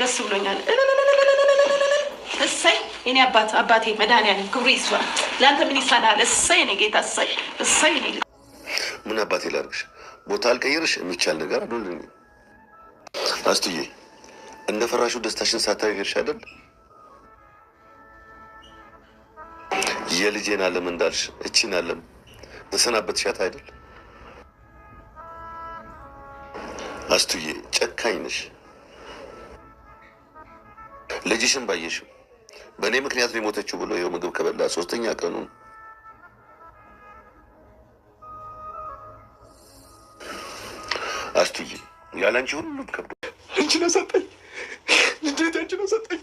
ደስ ብሎኛል። እሰይ እኔ አባት አባቴ መድኃኒዓለም ክብሩ ይስፋ። ለአንተ ምን ይሳናል? እሰይ እኔ ጌታ እሰይ እሰይ። እኔ ምን አባቴ ላርግሽ? ቦታ አልቀይርሽ የሚቻል ነገር አሉልኝ። አስትዬ እንደ ፈራሹ ደስታሽን ሳታገርሽ አይደል? የልጄን አለም እንዳልሽ እቺን አለም ዓለም ሻት አይደል? አስቱዬ ጨካኝ ነሽ። ልጅሽን ባየሽው በእኔ ምክንያት ሊሞተችው ብሎ ይኸው ምግብ ከበላ ሶስተኛ ቀኑ አስትዬ ያላንቺ ሁሉ ከብዶ አንቺ ነው ሰጠኝ፣ ልጄት አንቺ ነው ሰጠኝ።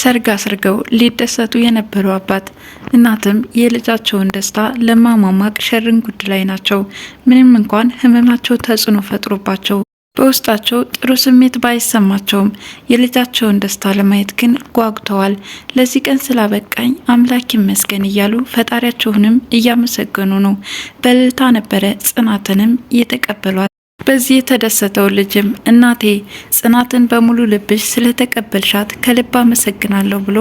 ሰርግ አስርገው ሊደሰቱ የነበሩ አባት እናትም የልጃቸውን ደስታ ለማሟሟቅ ሸርን ጉድ ላይ ናቸው። ምንም እንኳን ህመማቸው ተጽዕኖ ፈጥሮባቸው በውስጣቸው ጥሩ ስሜት ባይሰማቸውም የልጃቸውን ደስታ ለማየት ግን ጓጉተዋል። ለዚህ ቀን ስላበቃኝ አምላክ ይመስገን እያሉ ፈጣሪያቸውንም እያመሰገኑ ነው። በልልታ ነበረ ጽናትንም እየተቀበሏል። በዚህ የተደሰተው ልጅም እናቴ ጽናትን በሙሉ ልብሽ ስለተቀበልሻት ከልብ አመሰግናለሁ ብሎ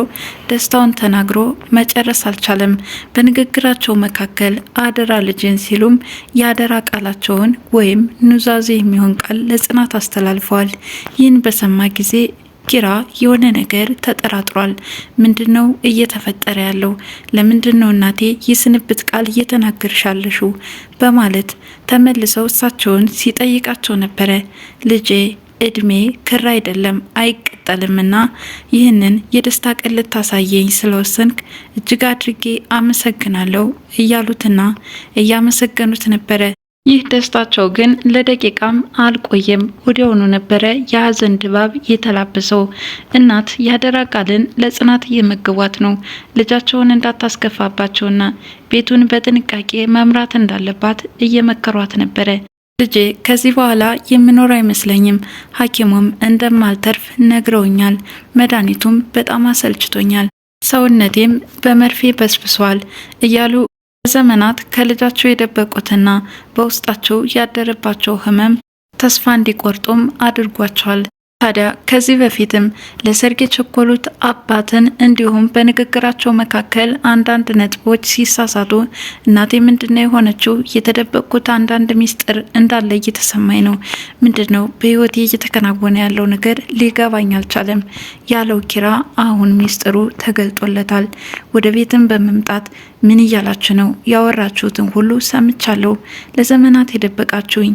ደስታውን ተናግሮ መጨረስ አልቻለም። በንግግራቸው መካከል አደራ ልጅን ሲሉም የአደራ ቃላቸውን ወይም ኑዛዜ የሚሆን ቃል ለጽናት አስተላልፈዋል። ይህን በሰማ ጊዜ ኪራ የሆነ ነገር ተጠራጥሯል። ምንድን ነው እየተፈጠረ ያለው? ለምንድን ነው እናቴ የስንብት ቃል እየተናገርሻለሹ? በማለት ተመልሰው እሳቸውን ሲጠይቃቸው ነበረ። ልጄ እድሜ ክር አይደለም አይቀጠልምና ይህንን የደስታ ቀን ልታሳየኝ ስለወሰንክ እጅግ አድርጌ አመሰግናለሁ እያሉትና እያመሰገኑት ነበረ። ይህ ደስታቸው ግን ለደቂቃም አልቆየም። ወዲያውኑ ነበረ የሀዘን ድባብ የተላበሰው። እናት ያደራ ቃልን ለጽናት እየመገቧት ነው። ልጃቸውን እንዳታስከፋባቸውና ቤቱን በጥንቃቄ መምራት እንዳለባት እየመከሯት ነበረ። ልጄ ከዚህ በኋላ የምኖር አይመስለኝም። ሐኪሙም እንደማልተርፍ ነግረውኛል። መድኃኒቱም በጣም አሰልችቶኛል። ሰውነቴም በመርፌ በስብሷል እያሉ ዘመናት ከልጃቸው የደበቁትና በውስጣቸው ያደረባቸው ህመም ተስፋ እንዲቆርጡም አድርጓቸዋል። ታዲያ ከዚህ በፊትም ለሰርግ የቸኮሉት አባትን እንዲሁም በንግግራቸው መካከል አንዳንድ ነጥቦች ሲሳሳቱ እናቴ ምንድነው የሆነችው የተደበቅኩት አንዳንድ ሚስጥር እንዳለ እየተሰማኝ ነው። ምንድነው ነው በህይወቴ እየተከናወነ ያለው ነገር ሊገባኝ አልቻለም ያለው ኪራ አሁን ሚስጥሩ ተገልጦለታል። ወደ ቤትም በመምጣት ምን እያላችሁ ነው? ያወራችሁትን ሁሉ ሰምቻለሁ። ለዘመናት የደበቃችሁኝ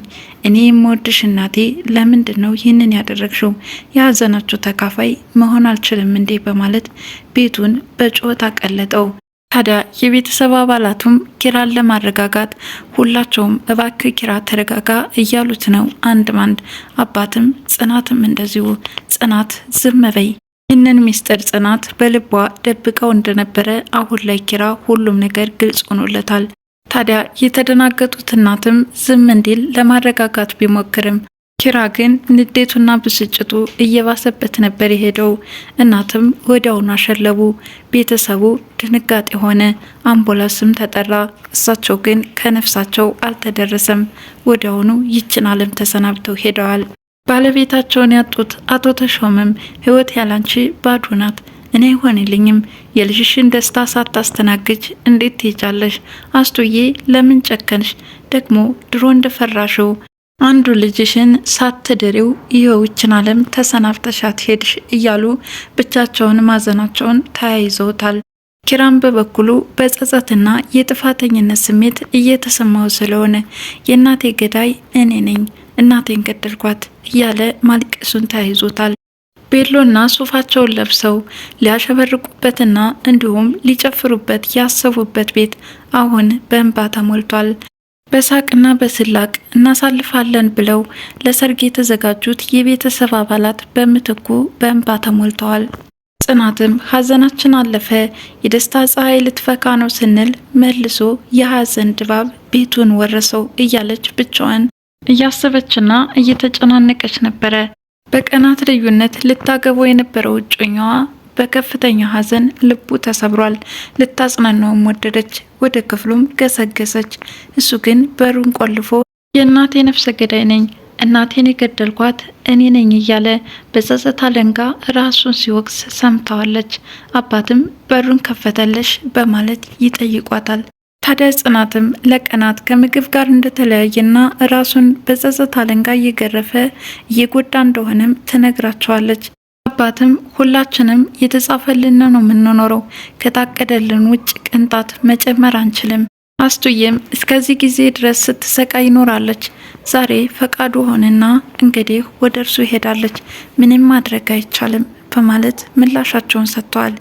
እኔ የምወድሽ እናቴ፣ ለምንድን ነው ይህንን ያደረግሽው? የሀዘናችሁ ተካፋይ መሆን አልችልም እንዴ? በማለት ቤቱን በጩኸት አቀለጠው። ታዲያ የቤተሰብ አባላቱም ኪራን ለማረጋጋት ሁላቸውም እባክ ኪራ ተረጋጋ እያሉት ነው። አንድ ማንድ አባትም ጽናትም እንደዚሁ ጽናት ዝም በይ ይህንን ሚስጥር ጽናት በልቧ ደብቀው እንደነበረ አሁን ላይ ኪራ ሁሉም ነገር ግልጽ ሆኖለታል። ታዲያ የተደናገጡት እናትም ዝም እንዲል ለማረጋጋት ቢሞክርም ኪራ ግን ንዴቱና ብስጭቱ እየባሰበት ነበር የሄደው። እናትም ወዲያውኑ አሸለቡ። ቤተሰቡ ድንጋጤ ሆነ። አምቡላንስም ተጠራ። እሳቸው ግን ከነፍሳቸው አልተደረሰም። ወዲያውኑ ይችን ዓለም ተሰናብተው ሄደዋል። ባለቤታቸውን ያጡት አቶ ተሾመም ህይወት ያላንቺ ባዶ ናት፣ እኔ አይሆንልኝም፣ የልጅሽን ደስታ ሳታስተናግጅ እንዴት ትሄጃለሽ? አስቱዬ ለምን ጨከንሽ? ደግሞ ድሮ እንደፈራሽው አንዱ ልጅሽን ሳትድሪው ይኸውችን ዓለም ተሰናፍተሻት ሄድሽ እያሉ ብቻቸውን ማዘናቸውን ተያይዘውታል። ኪራም በበኩሉ በጸጸትና የጥፋተኝነት ስሜት እየተሰማው ስለሆነ የእናቴ ገዳይ እኔ ነኝ እናቴን ገደልኳት እያለ ማልቀሱን ተያይዞታል። ቤሎና ሱፋቸውን ለብሰው ሊያሸበርቁበትና እንዲሁም ሊጨፍሩበት ያሰቡበት ቤት አሁን በእንባ ተሞልቷል። በሳቅና በስላቅ እናሳልፋለን ብለው ለሰርግ የተዘጋጁት የቤተሰብ አባላት በምትኩ በእንባ ተሞልተዋል። ጽናትም ሀዘናችን አለፈ፣ የደስታ ፀሐይ ልትፈካ ነው ስንል መልሶ የሀዘን ድባብ ቤቱን ወረሰው እያለች ብቻዋን እያሰበችና እየተጨናነቀች ነበረ። በቀናት ልዩነት ልታገባው የነበረው እጮኛዋ በከፍተኛ ሐዘን ልቡ ተሰብሯል። ልታጽናናውም ወደደች። ወደ ክፍሉም ገሰገሰች። እሱ ግን በሩን ቆልፎ የእናቴ ነፍሰ ገዳይ ነኝ፣ እናቴን የገደልኳት እኔ ነኝ እያለ በጸጸት አለንጋ ራሱን ሲወቅስ ሰምተዋለች። አባትም በሩን ከፈተለሽ በማለት ይጠይቋታል። ታዲያ ጽናትም ለቀናት ከምግብ ጋር እንደተለያየና ራሱን በጸጸት አለንጋ እየገረፈ እየጎዳ እንደሆነም ትነግራቸዋለች። አባትም ሁላችንም የተጻፈልን ነው የምንኖረው፣ ከታቀደልን ውጭ ቅንጣት መጨመር አንችልም። አስቱዬም እስከዚህ ጊዜ ድረስ ስትሰቃይ ይኖራለች። ዛሬ ፈቃዱ ሆነና እንግዲህ ወደ እርሱ ይሄዳለች። ምንም ማድረግ አይቻልም። በማለት ምላሻቸውን ሰጥተዋል።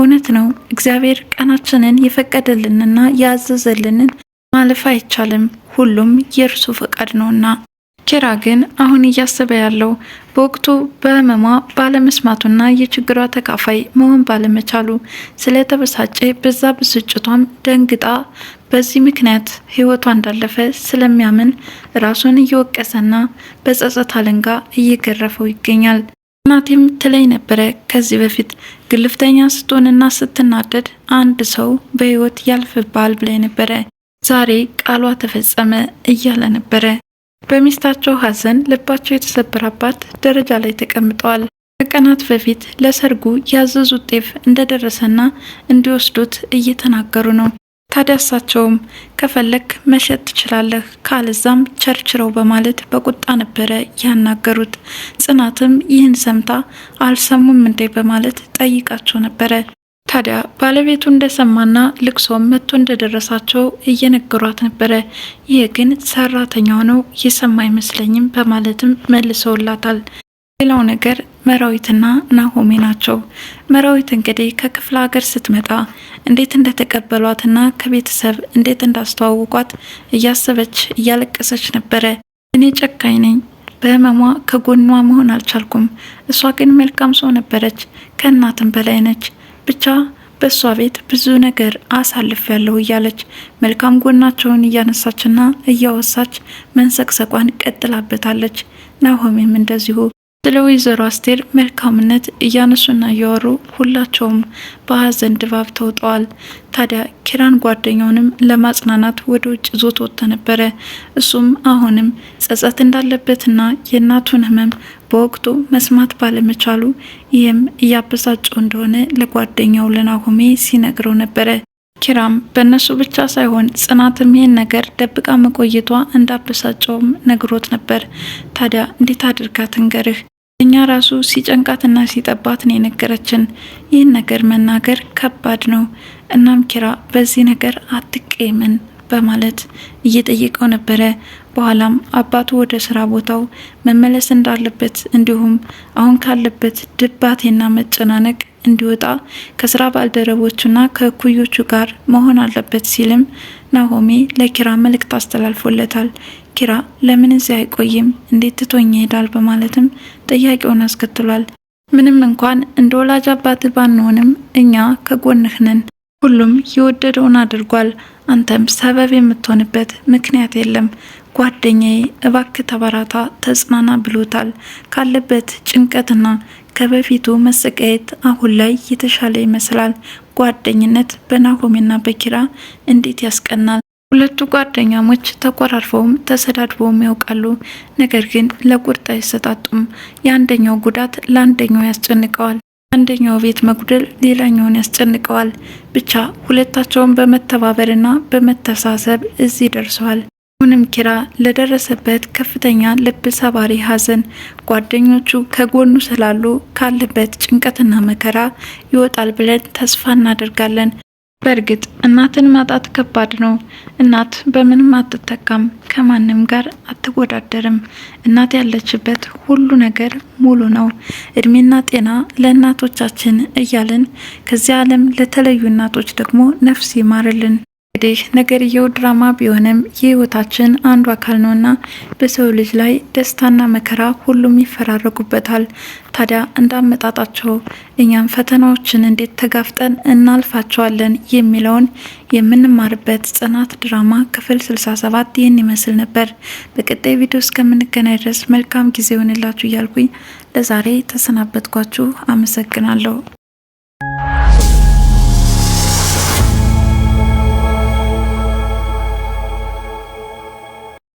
እውነት ነው እግዚአብሔር ቀናችንን የፈቀደልንና ያዘዘልንን ማለፍ አይቻልም፣ ሁሉም የእርሱ ፈቃድ ነውና። ኪራ ግን አሁን እያሰበ ያለው በወቅቱ በህመሟ ባለመስማቱና የችግሯ ተካፋይ መሆን ባለመቻሉ ስለተበሳጨ በዛ ብስጭቷም ደንግጣ በዚህ ምክንያት ህይወቷ እንዳለፈ ስለሚያምን ራሱን እየወቀሰና በጸጸት አለንጋ እየገረፈው ይገኛል። ናት ትለኝ ነበረ ከዚህ በፊት ግልፍተኛ ስትሆንና ስትናደድ አንድ ሰው በህይወት ያልፍባል ብለ ነበረ። ዛሬ ቃሏ ተፈጸመ እያለ ነበረ። በሚስታቸው ሀዘን ልባቸው የተሰበራባት ደረጃ ላይ ተቀምጠዋል። ከቀናት በፊት ለሰርጉ ያዘዙት ጤፍ እንደደረሰና እንዲወስዱት እየተናገሩ ነው። ታዲያ እሳቸውም ከፈለግ መሸጥ ትችላለህ፣ ካልዛም ቸርችረው በማለት በቁጣ ነበረ ያናገሩት። ጽናትም ይህን ሰምታ አልሰሙም እንዴ በማለት ጠይቃቸው ነበረ። ታዲያ ባለቤቱ እንደሰማና ልቅሶም መጥቶ እንደደረሳቸው እየነገሯት ነበረ። ይህ ግን ሰራተኛው ነው የሰማ አይመስለኝም በማለትም መልሰውላታል። ሌላው ነገር መራዊትና ናሆሜ ናቸው። መራዊት እንግዲህ ከክፍለ ሀገር ስትመጣ እንዴት እንደተቀበሏትና ከቤተሰብ እንዴት እንዳስተዋውቋት እያሰበች እያለቀሰች ነበረ። እኔ ጨካኝ ነኝ፣ በህመሟ ከጎኗ መሆን አልቻልኩም። እሷ ግን መልካም ሰው ነበረች፣ ከእናትም በላይ ነች። ብቻ በእሷ ቤት ብዙ ነገር አሳልፍ ያለሁ እያለች መልካም ጎናቸውን እያነሳችና እያወሳች መንሰቅሰቋን ቀጥላበታለች። ናሆሜም እንደዚሁ ስለ ወይዘሮ አስቴር መልካምነት እያነሱና እያወሩ ሁላቸውም በሀዘን ድባብ ተውጠዋል። ታዲያ ኪራን ጓደኛውንም ለማጽናናት ወደ ውጭ ዞት ወጥቶ ነበረ። እሱም አሁንም ጸጸት እንዳለበትና የእናቱን ህመም በወቅቱ መስማት ባለመቻሉ ይህም እያበሳጨው እንደሆነ ለጓደኛው ለናሆሜ ሲነግረው ነበረ። ኪራም በእነሱ ብቻ ሳይሆን ጽናትም ይህን ነገር ደብቃ መቆየቷ እንዳበሳጨውም ነግሮት ነበር። ታዲያ እንዴት አድርጋ ትንገርህ? እኛ ራሱ ሲጨንቃትና ሲጠባት ነው የነገረችን። ይህን ነገር መናገር ከባድ ነው። እናም ኪራ በዚህ ነገር አትቀይምን በማለት እየጠየቀው ነበረ። በኋላም አባቱ ወደ ስራ ቦታው መመለስ እንዳለበት እንዲሁም አሁን ካለበት ድባቴና መጨናነቅ እንዲወጣ ከስራ ባልደረቦቹና ከእኩዮቹ ጋር መሆን አለበት ሲልም ናሆሜ ለኪራ መልእክት አስተላልፎለታል። ኪራ ለምን እዚህ አይቆይም እንዴት ትቶኝ ይሄዳል በማለትም ጥያቄውን አስከትሏል። ምንም እንኳን እንደ ወላጅ አባት ባንሆንም እኛ ከጎንህ ነን። ሁሉም የወደደውን አድርጓል። አንተም ሰበብ የምትሆንበት ምክንያት የለም። ጓደኛዬ እባክ ተበራታ፣ ተጽናና ብሎታል። ካለበት ጭንቀትና ከበፊቱ መሰቃየት አሁን ላይ የተሻለ ይመስላል። ጓደኝነት በናሆሜና በኪራ እንዴት ያስቀናል! ሁለቱ ጓደኛሞች ተቆራርፈውም ተሰዳድበውም ያውቃሉ። ነገር ግን ለቁርጥ አይሰጣጡም። የአንደኛው ጉዳት ለአንደኛው ያስጨንቀዋል፣ አንደኛው ቤት መጉደል ሌላኛውን ያስጨንቀዋል። ብቻ ሁለታቸውን በመተባበርና በመተሳሰብ እዚህ ደርሰዋል። አሁንም ኪራ ለደረሰበት ከፍተኛ ልብ ሰባሪ ሐዘን ጓደኞቹ ከጎኑ ስላሉ ካለበት ጭንቀትና መከራ ይወጣል ብለን ተስፋ እናደርጋለን። በእርግጥ እናትን ማጣት ከባድ ነው። እናት በምንም አትተካም፣ ከማንም ጋር አትወዳደርም። እናት ያለችበት ሁሉ ነገር ሙሉ ነው። እድሜና ጤና ለእናቶቻችን እያልን ከዚህ ዓለም ለተለዩ እናቶች ደግሞ ነፍስ ይማርልን። እንግዲህ ነገርየው ድራማ ቢሆንም የህይወታችን አንዱ አካል ነውና በሰው ልጅ ላይ ደስታና መከራ ሁሉም ይፈራረጉበታል። ታዲያ እንዳመጣጣቸው እኛም ፈተናዎችን እንዴት ተጋፍጠን እናልፋቸዋለን የሚለውን የምንማርበት ጽናት ድራማ ክፍል 67 ይህን ይመስል ነበር። በቀጣይ ቪዲዮ እስከምንገናኝ ድረስ መልካም ጊዜ ይሆንላችሁ እያልኩኝ ለዛሬ ተሰናበትኳችሁ። አመሰግናለሁ።